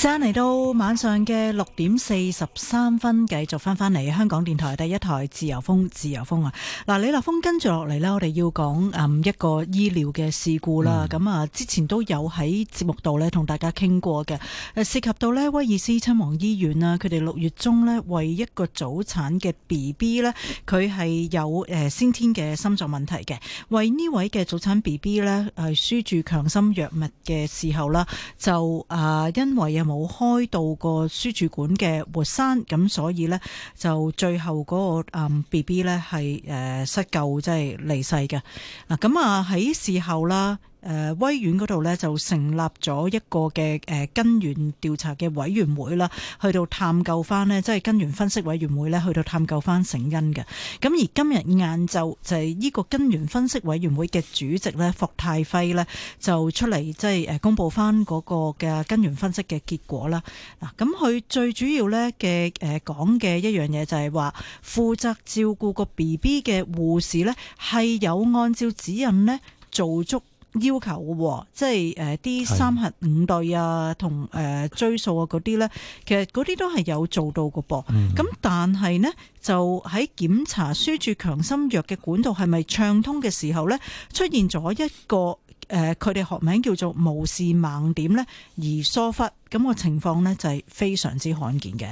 嚟到晚上嘅六點四十三分，繼續翻翻嚟香港電台第一台自由風，自由風啊！嗱，李立峰跟住落嚟呢，我哋要講誒、嗯、一個醫療嘅事故啦。咁啊、嗯，之前都有喺節目度呢同大家傾過嘅，誒涉及到呢威爾斯親王醫院啦，佢哋六月中呢，為一個早產嘅 B B 呢，佢係有誒先天嘅心臟問題嘅。為呢位嘅早產 B B 呢，係輸住強心藥物嘅時候啦，就啊、呃、因為有，冇開到個輸注管嘅活塞，咁所以咧就最後嗰、那個誒 B B 咧係誒失救，即係離世嘅。嗱、啊，咁啊喺事後啦。誒、呃，威院嗰度呢，就成立咗一個嘅誒根源調查嘅委員會啦，去到探究翻呢，即係根源分析委員會呢，去到探究翻成因嘅。咁而今日晏晝就係、是、呢個根源分析委員會嘅主席呢，霍泰輝呢，就出嚟，即係誒公布翻嗰個嘅根源分析嘅結果啦。嗱，咁佢最主要呢嘅誒講嘅一樣嘢就係話，負責照顧個 B B 嘅護士呢，係有按照指引呢做足。要求即係誒，啲、呃、三核五對啊，同誒、呃、追數啊嗰啲咧，其實嗰啲都係有做到噶噃。咁、嗯、但係呢，就喺檢查輸注強心藥嘅管道係咪暢通嘅時候咧，出現咗一個誒，佢、呃、哋學名叫做無視盲點咧而疏忽咁、嗰個情況呢，就係非常之罕見嘅。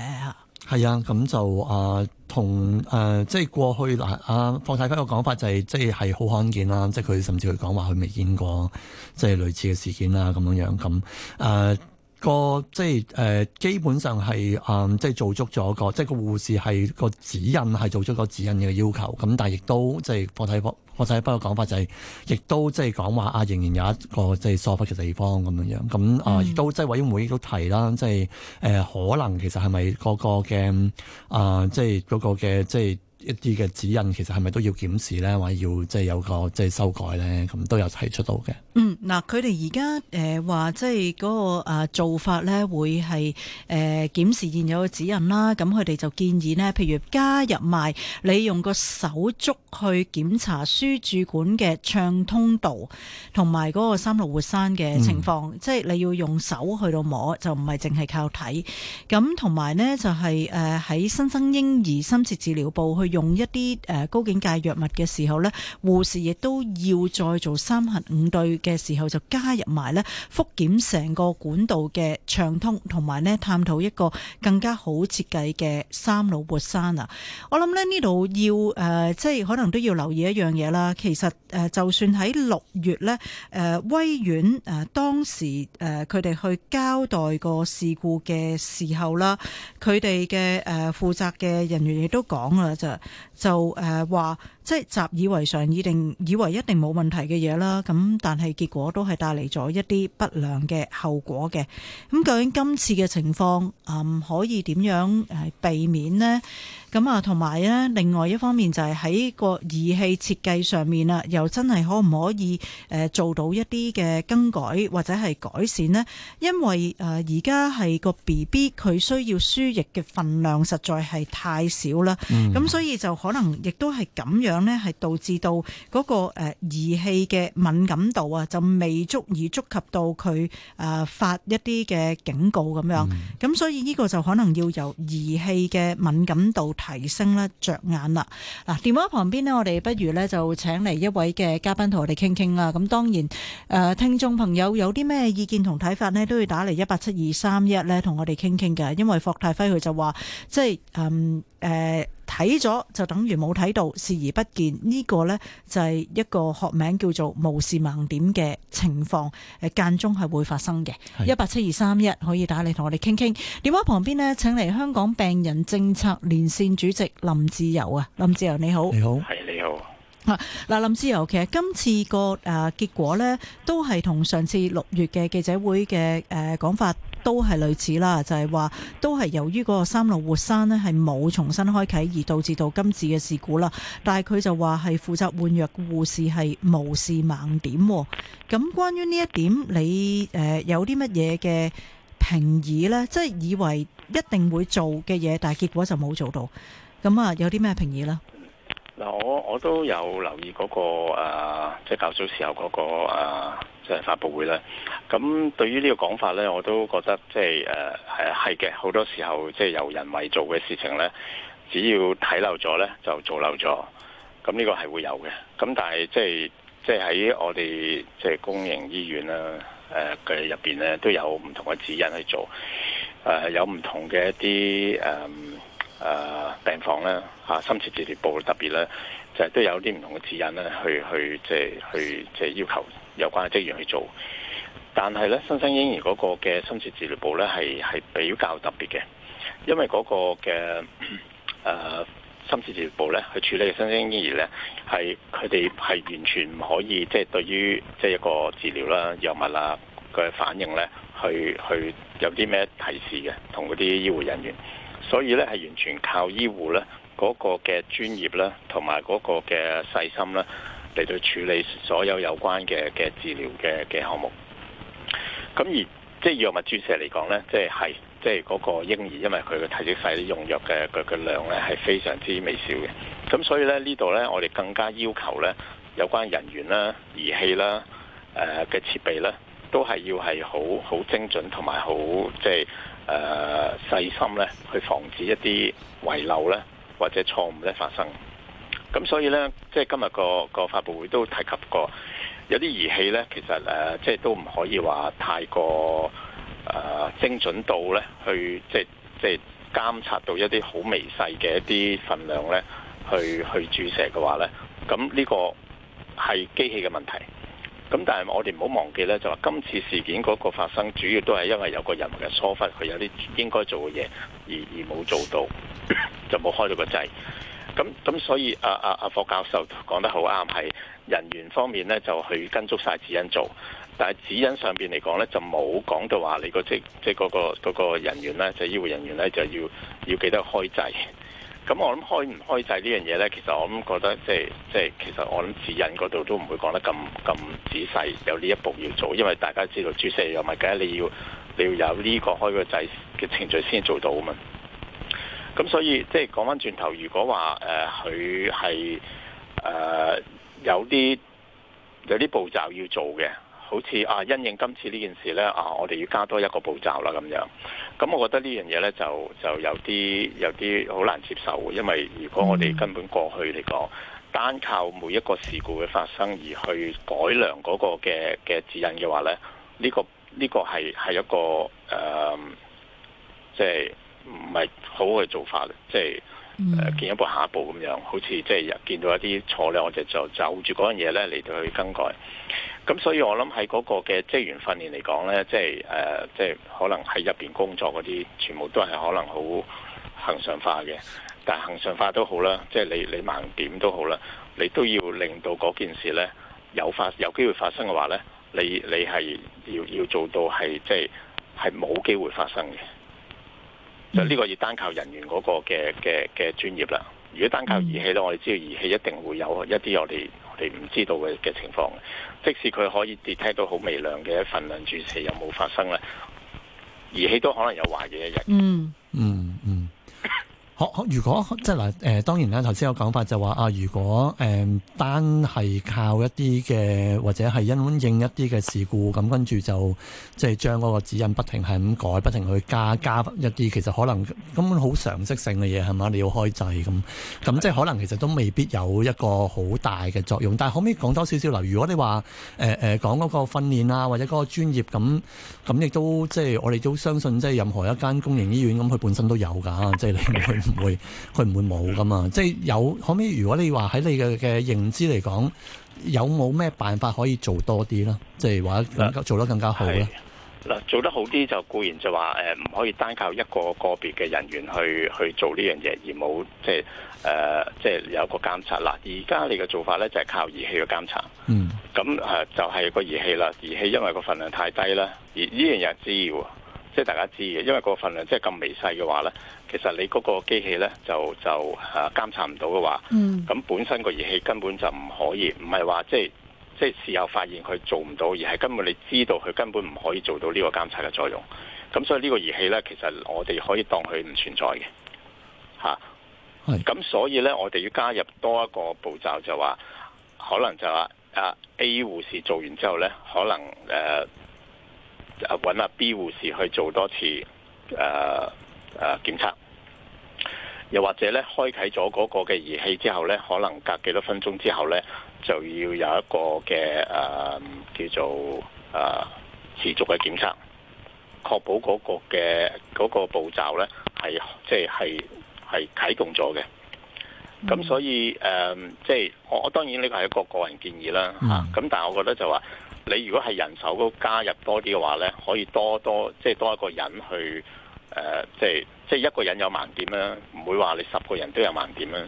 係啊，咁就啊，同誒、啊，即係過去嗱，阿、啊、霍泰輝嘅講法就係、是就是，即係係好罕見啦，即係佢甚至佢講話佢未見過，即、就、係、是、類似嘅事件啦，咁樣樣咁啊。個即係誒，基本上係誒，即、嗯、係、就是、做足咗個，即係個護士係個指引係做足個指引嘅要求。咁但係亦都即係、就是、我睇，我我睇，不過講法就係、是，亦都即係講話啊，仍然有一個即係疏忽嘅地方咁樣樣。咁啊，嗯、亦都即係、就是、委員會亦都提啦，即係誒，可能其實係咪個個嘅啊，即係嗰個嘅即係一啲嘅指引，其實係咪都要檢視咧，或者要即係有個即係、就是、修改咧？咁都有提出到嘅。嗯，嗱，佢哋而家誒話即係嗰個啊做法咧，會係誒檢視現有嘅指引啦。咁佢哋就建議咧，譬如加入埋你用個手足去檢查輸注管嘅暢通度，同埋嗰個三六活山嘅情況，嗯、即係你要用手去到摸，就唔係淨係靠睇。咁同埋咧就係誒喺新生嬰兒深切治療部去用一啲誒高警戒藥物嘅時候咧，護士亦都要再做三核五對。嘅時候就加入埋咧，復檢成個管道嘅暢通，同埋呢探討一個更加好設計嘅三路活塞啊！我諗咧呢度要誒、呃，即係可能都要留意一樣嘢啦。其實誒，就算喺六月呢，誒、呃、威院誒當時誒佢哋去交代個事故嘅時候啦，佢哋嘅誒負責嘅人員亦都講啦，就就誒話。呃即係習以為常，以定以為一定冇問題嘅嘢啦。咁但係結果都係帶嚟咗一啲不良嘅後果嘅。咁究竟今次嘅情況啊、嗯，可以點樣誒避免咧？咁啊，同埋咧，另外一方面就係喺個儀器設計上面啊，又真係可唔可以誒做到一啲嘅更改或者係改善咧？因為誒而家係個 B B 佢需要輸液嘅分量實在係太少啦。咁、嗯、所以就可能亦都係咁樣。咁係導致到嗰，那個誒，呃，儀器嘅敏感度啊，就未足以觸及到佢誒，呃，發一啲嘅警告咁樣。咁、嗯、所以呢個就可能要由儀器嘅敏感度提升咧着眼啦。嗱、啊，電話旁邊呢，我哋不如呢，就請嚟一位嘅嘉賓同我哋傾傾啦。咁當然誒，呃，聽眾朋友有啲咩意見同睇法呢，都要打嚟一八七二三一咧，同我哋傾傾嘅。因為霍泰輝佢就話，即係誒。嗯呃睇咗就等於冇睇到，視而不見呢，這個呢，就係、是、一個學名叫做無視盲點嘅情況，誒、呃、間中係會發生嘅。一八七二三一可以打嚟同我哋傾傾。電話旁邊呢，請嚟香港病人政策連線主席林志釉啊，林志釉你好，你好，係你好。嗱、啊，嗱林志釉其實今次個誒結果呢，都係同上次六月嘅記者會嘅誒講法。都係類似啦，就係、是、話都係由於個三通活塞呢係冇重新開啓，而導致到今次嘅事故啦。但係佢就話係負責換藥嘅護士係無視盲點。咁、嗯、關於呢一點，你誒、呃、有啲乜嘢嘅評議呢？即係以為一定會做嘅嘢，但係結果就冇做到。咁、嗯、啊，有啲咩評議呢？嗱，我我都有留意嗰、那個、呃、即係較早時候嗰個、呃即係發佈會咧，咁對於呢個講法咧，我都覺得即係誒係係嘅。好多時候即係由人為做嘅事情咧，只要睇漏咗咧，就做漏咗。咁呢個係會有嘅。咁但係即係即係喺我哋即係公營醫院啦誒嘅入邊咧，都有唔同嘅指引去做。誒、呃、有唔同嘅一啲誒誒病房咧吓、啊，深切治療部特別咧，就係、都有啲唔同嘅指引咧，去去即係去即係要求。有關嘅職員去做，但係咧，新生嬰兒嗰個嘅深切治療部咧係係比較特別嘅，因為嗰個嘅誒深切治療部咧去處理嘅新生嬰兒咧係佢哋係完全唔可以即係、就是、對於即係、就是、一個治療啦，藥物啊嘅反應咧去去有啲咩提示嘅同嗰啲醫護人員，所以咧係完全靠醫護咧嗰、嗰個嘅專業啦，同埋嗰個嘅細心啦。嚟到處理所有有關嘅嘅治療嘅嘅項目，咁而即係藥物注射嚟講咧，即係係即係嗰個嬰兒，因為佢嘅體積細啲，用藥嘅嘅嘅量咧係非常之微小嘅。咁所以咧呢度咧，我哋更加要求咧有關人員啦、儀器啦、誒嘅設備咧，都係要係好好精準同埋好即係誒細心咧，去防止一啲遺漏咧或者錯誤咧發生。咁所以咧，即係今日個個發佈會都提及過，有啲儀器咧，其實誒，即係都唔可以話太過誒、呃、精準度咧，去即係即係監察到一啲好微細嘅一啲份量咧，去去注射嘅話咧，咁呢個係機器嘅問題。咁但係我哋唔好忘記咧，就話今次事件嗰個發生主要都係因為有個人嘅疏忽，佢有啲應該做嘅嘢而而冇做到， 就冇開到個掣。咁咁所以阿阿阿霍教授講得好啱，係人員方面咧就去跟足晒指引做，但係指引上邊嚟講咧就冇講到話你個即即嗰個嗰個人員咧就係醫護人員咧就要要記得開掣。咁我諗開唔開制呢樣嘢呢？其實我諗覺得即係即係，其實我諗指引嗰度都唔會講得咁咁仔細，有呢一步要做，因為大家知道注射藥物嘅，你要你要有呢個開個制嘅程序先做到啊嘛。咁所以即係講翻轉頭，如果話誒佢係誒有啲有啲步驟要做嘅。好似啊，因應今次呢件事呢，啊，我哋要加多一個步驟啦咁樣。咁我覺得呢樣嘢呢，就就有啲有啲好難接受，因為如果我哋根本過去嚟講，單靠每一個事故嘅發生而去改良嗰個嘅嘅指引嘅話呢，呢個呢個係係一個誒，即係唔係好嘅做法，即係。誒、嗯啊、見一步下一步咁樣，好似即係見到一啲錯咧，我哋就走住嗰樣嘢咧嚟到去更改。咁所以我諗喺嗰個嘅職員訓練嚟講咧，即係誒，即、呃、係、就是、可能喺入邊工作嗰啲，全部都係可能好恒常化嘅。但恒常化都好啦，即、就、係、是、你你盲點都好啦，你都要令到嗰件事咧有發有機會發生嘅話咧，你你係要要做到係即係係冇機會發生嘅。就呢個要單靠人員嗰個嘅嘅嘅專業啦。如果單靠儀器咧，我哋知道儀器一定會有一啲我哋我哋唔知道嘅嘅情況，即使佢可以 detect 到好微量嘅份量注射，有冇發生咧？儀器都可能有壞嘅一日。嗯嗯。好，如果即係嗱，誒、呃、當然咧，頭先有講法就話啊，如果誒、呃、單係靠一啲嘅或者係因應一啲嘅事故，咁跟住就即係、就係、將嗰個指引不停係咁改，不停去加加一啲其實可能根本好常識性嘅嘢係嘛？你要開掣咁，咁即係可能其實都未必有一個好大嘅作用。但係可唔可以講多少少啦，如果你話誒誒講嗰個訓練啊或者嗰個專業，咁咁亦都即係我哋都相信，即係任何一間公營醫院咁，佢本身都有㗎，即係另 唔會，佢唔會冇噶嘛。即係有，可唔可以？如果你話喺你嘅嘅認知嚟講，有冇咩辦法可以做多啲咧？即係話做得更加好咧？嗱，做得好啲就固然就話誒，唔可以單靠一個個別嘅人員去去做呢樣嘢，而冇即係誒，即係有個監察。嗱，而家你嘅做法咧就係靠儀器嘅監察。嗯，咁誒就係個儀器啦。儀器因為個份量太低啦，而呢樣嘢要。即係大家知嘅，因為個份量即係咁微細嘅話咧，其實你嗰個機器咧就就誒、啊、監察唔到嘅話，咁、mm. 本身個儀器根本就唔可以，唔係話即係即係事後發現佢做唔到，而係根本你知道佢根本唔可以做到呢個監察嘅作用。咁所以個呢個儀器咧，其實我哋可以當佢唔存在嘅吓，咁、啊 mm. 所以咧，我哋要加入多一個步驟，就話可能就話啊 A 護士做完之後咧，可能誒。啊揾阿 B 護士去做多次誒誒檢測，又或者咧開啟咗嗰個嘅儀器之後咧，可能隔幾多分鐘之後咧，就要有一個嘅誒、呃、叫做誒、呃、持續嘅檢測，確保嗰個嘅嗰、嗰個步驟咧係即係係啟動咗嘅。咁所以誒即係我我當然呢個係一個個人建議啦吓，咁、嗯、但係我覺得就話。你如果係人手嗰，加入多啲嘅話呢，可以多多即係多一個人去，呃、即係即係一個人有盲點啦，唔會話你十個人都有盲點啦。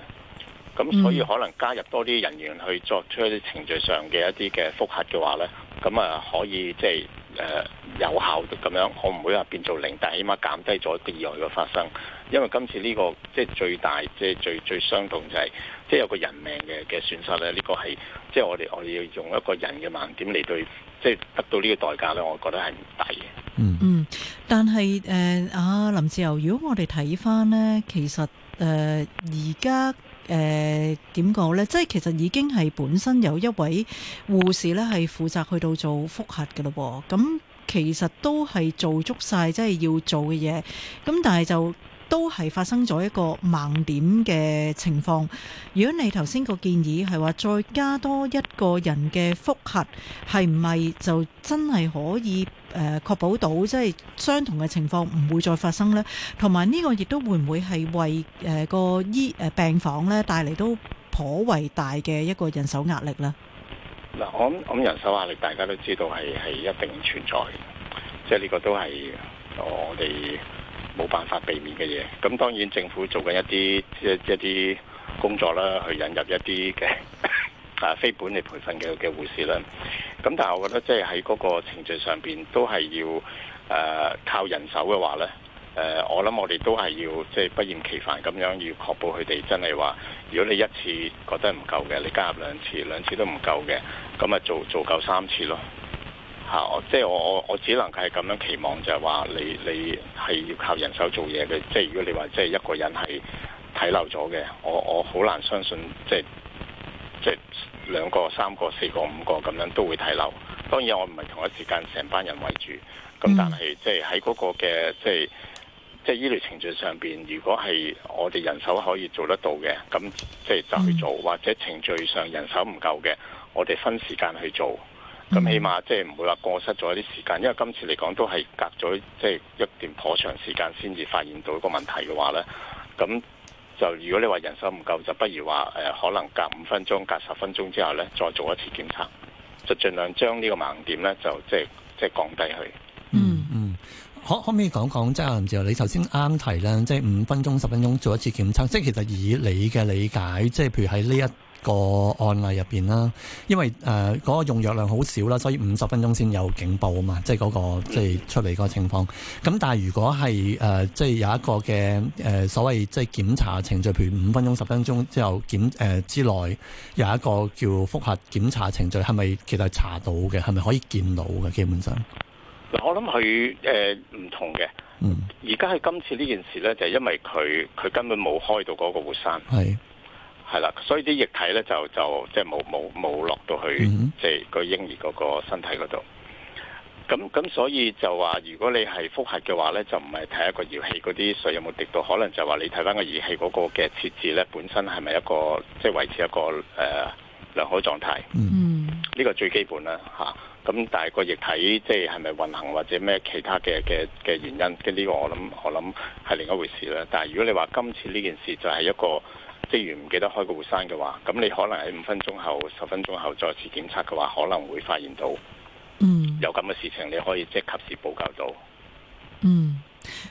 咁所以可能加入多啲人員去作出一啲程序上嘅一啲嘅複核嘅話呢咁啊可以即係。誒、呃、有效咁樣，我唔會話變做零，但起碼減低咗意外嘅發生。因為今次呢、這個即係最大，即係最最傷痛就係、是、即係有個人命嘅嘅損失咧。呢、這個係即係我哋我哋要用一個人嘅盲點嚟對即係得到呢個代價咧，我覺得係唔抵嘅。嗯 嗯，但係誒啊，林志釉，如果我哋睇翻咧，其實誒而家。呃誒點講呢？即係其實已經係本身有一位護士呢，係負責去到做複核嘅咯噃。咁、嗯、其實都係做足晒，即係要做嘅嘢。咁、嗯、但係就都係發生咗一個盲點嘅情況。如果你頭先個建議係話再加多一個人嘅覆核，係唔係就真係可以誒確保到即係相同嘅情況唔會再發生呢？同埋呢個亦都會唔會係為誒個醫誒病房呢帶嚟都頗為大嘅一個人手壓力呢？嗱，我諗人手壓力大家都知道係係一定存在嘅，即係呢個都係我哋。冇辦法避免嘅嘢，咁當然政府做緊一啲即一啲工作啦，去引入一啲嘅啊非本地培訓嘅嘅護士啦。咁但係我覺得即係喺嗰個程序上面都係要誒、呃、靠人手嘅話咧，誒、呃、我諗我哋都係要即係、即係、不厭其煩咁樣要確保佢哋真係話，如果你一次覺得唔夠嘅，你加入兩次，兩次都唔夠嘅，咁啊做做夠三次咯。嚇、 啊！即係我我我只能係咁樣期望，就係、是、話你你係要靠人手做嘢嘅。即係如果你話即係一個人係睇漏咗嘅，我我好難相信。即係即係兩個三個四個五個咁樣都會睇漏。當然我唔係同一時間成班人圍住。咁但係、mm. 即係喺嗰個嘅即係即係醫療程序上邊，如果係我哋人手可以做得到嘅，咁即係就去做。或者程序上人手唔夠嘅，我哋分時間去做。咁、嗯、起碼即係唔會話過失咗啲時間，因為今次嚟講都係隔咗即係一段頗長時間先至發現到個問題嘅話咧，咁就如果你話人手唔夠，就不如話誒可能隔五分鐘、隔十分鐘之後咧，再做一次檢測，就盡量將呢個盲點咧，就即係即係降低去。嗯嗯，可可唔可以講講即係林志釉？你頭先啱提咧，即係五分鐘、十分鐘做一次檢測，即係其實以你嘅理解，即係譬如喺呢一個案例入邊啦，因為誒嗰、呃那個用藥量好少啦，所以五十分鐘先有警報啊嘛，即係、那、嗰個即係出嚟個情況。咁但係如果係誒、呃、即係有一個嘅誒、呃、所謂即係檢查程序，譬如五分鐘、十分鐘之後檢誒、呃、之內有一個叫復核檢查程序，係咪其實查到嘅？係咪可以見到嘅？基本上我諗佢誒唔同嘅，嗯，而家係今次呢件事咧，就係、是、因為佢佢根本冇開到嗰個活掣，係。係啦，所以啲液體咧就就即係冇冇冇落到去，即係、mm hmm. 個嬰兒嗰個身體嗰度。咁咁所以就話，如果你係複核嘅話咧，就唔係睇一個儀器嗰啲水有冇滴到，可能就話你睇翻個儀器嗰個嘅設置咧，本身係咪一個即係、就是、維持一個誒良好狀態。嗯、mm，呢、hmm. 個最基本啦嚇。咁、啊、但係個液體即係係咪運行或者咩其他嘅嘅嘅原因？跟、這、呢個我諗我諗係另一回事啦。但係如果你話今次呢件事就係一個。職員唔記得開個活生嘅話，咁你可能喺五分鐘後、十分鐘後再次檢測嘅話，可能會發現到，嗯，有咁嘅事情，你可以即係及時報告到，嗯。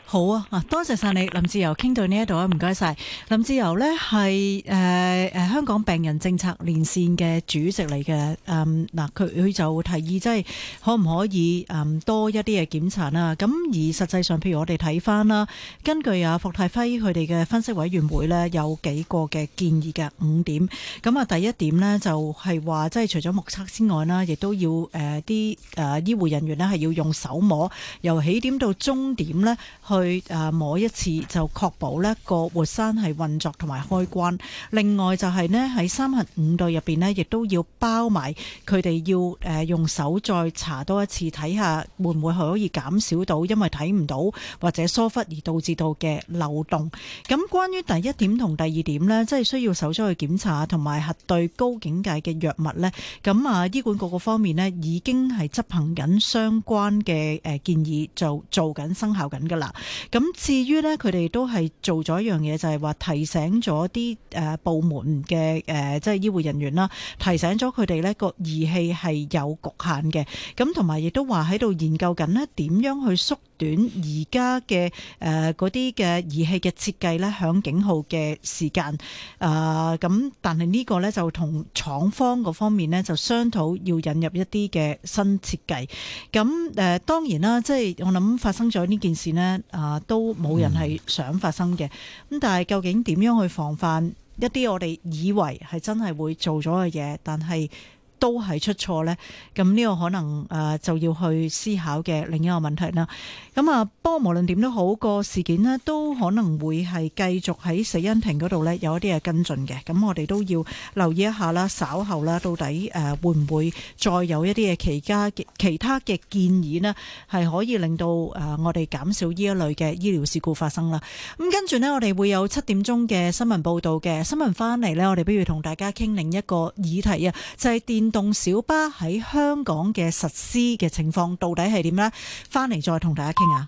好啊，啊，多謝晒你，林志釉傾到呢一度啊，唔該晒。林志釉呢係誒誒香港病人政策連線嘅主席嚟嘅，嗯、呃、嗱，佢佢就提議即、就、係、是、可唔可以誒、呃、多一啲嘅檢查啦。咁而實際上，譬如我哋睇翻啦，根據啊，霍泰輝佢哋嘅分析委員會呢，有幾個嘅建議嘅五點。咁、嗯、啊，第一點呢就係話即係除咗目測之外啦，亦都要誒啲誒醫護人員呢，係要用手摸，由起點到終點呢。去誒、啊、摸一次就確保呢個活塞係運作同埋開關。另外就係呢，喺三核五對入邊呢，亦都要包埋佢哋要誒、呃、用手再查多一次，睇下會唔會可以減少到，因為睇唔到或者疏忽而導致到嘅漏洞。咁關於第一點同第二點呢，即係需要手再去檢查同埋核對高警戒嘅藥物呢，咁啊醫管局各個方面呢，已經係執行緊相關嘅誒建議，就做緊生效緊噶啦。咁至於呢，佢哋都係做咗一樣嘢，就係、是、話提醒咗啲誒部門嘅誒、呃，即係醫護人員啦，提醒咗佢哋呢個儀器係有局限嘅。咁同埋亦都話喺度研究緊呢，點樣去縮短而家嘅誒嗰啲嘅儀器嘅設計呢響警號嘅時間。啊、呃，咁但係呢個呢，就同廠方嗰方面呢，就商討要引入一啲嘅新設計。咁、嗯、誒、呃、當然啦，即係我諗發生咗呢件事呢。啊，都冇人係想發生嘅，咁、嗯、但係究竟點樣去防範一啲我哋以為係真係會做咗嘅嘢，但係，都係出錯咧，咁呢個可能誒就要去思考嘅另一個問題啦。咁啊，不過無論點都好，個事件咧都可能會係繼續喺死因庭嗰度咧有一啲嘅跟進嘅。咁我哋都要留意一下啦，稍後啦，到底誒會唔會再有一啲嘅其他其他嘅建議咧，係可以令到誒我哋減少呢一類嘅醫療事故發生啦。咁跟住咧，我哋會有七點鐘嘅新聞報道嘅新聞翻嚟，咧我哋不如同大家傾另一個議題啊，就係電。電動小巴喺香港嘅實施嘅情況到底係點呢？翻嚟再同大家傾下。